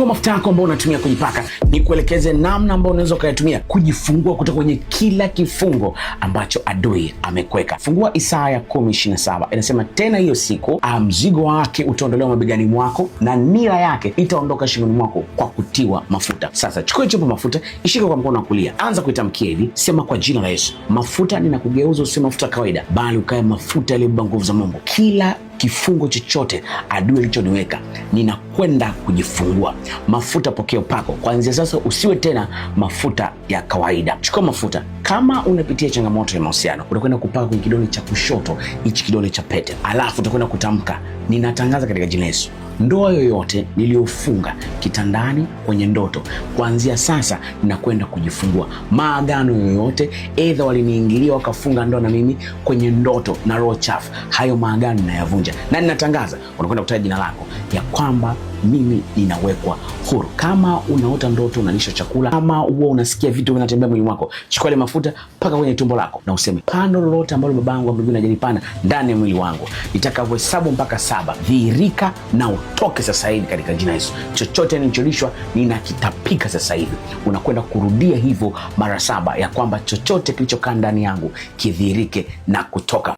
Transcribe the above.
chukua mafuta yako ambao unatumia kujipaka, ni kuelekeze namna ambayo unaweza ukayatumia kujifungua kutoka kwenye kila kifungo ambacho adui amekweka. Fungua Isaya 127 inasema, tena hiyo siku ah, mzigo wake utaondolewa mabegani mwako na nira yake itaondoka shingoni mwako kwa kutiwa mafuta. Sasa chukua chupa mafuta, ishike kwa mkono wa kulia, anza kuitamkia hivi, sema kwa jina la Yesu, mafuta ninakugeuza usiwe mafuta kawaida, bali ukawe mafuta yaliyobeba nguvu za Mungu kila kifungo chochote adui alichoniweka, ninakwenda kujifungua. Mafuta, pokea upako kwanzia sasa. Usiwe tena mafuta ya kawaida, chukua mafuta. Kama unapitia changamoto ya mahusiano, utakwenda kupaka kwenye kidole cha kushoto, hichi kidole cha pete, alafu utakwenda kutamka, ninatangaza katika jina Yesu Ndoa yoyote niliyofunga kitandani, kwenye ndoto, kuanzia sasa nakwenda kujifungua. Maagano yoyote edha waliniingilia wakafunga ndoa na mimi kwenye ndoto na roho chafu, hayo maagano nayavunja, na ninatangaza, unakwenda kutaja jina lako ya kwamba mimi ninawekwa huru. Kama unaota ndoto unalisha chakula, kama huwa unasikia vitu vinatembea mwili mwako, chukua ile mafuta paka kwenye tumbo lako na useme, pando lolote ambalo yangu amepigwa na jelipana ndani ya mwili wangu nitakavyohesabu mpaka saba, dhihirika na utoke sasa hivi katika jina Yesu. Chochote nilicholishwa ninakitapika sasa hivi. Unakwenda kurudia hivyo mara saba, ya kwamba chochote kilichokaa ndani yangu kidhihirike na kutoka.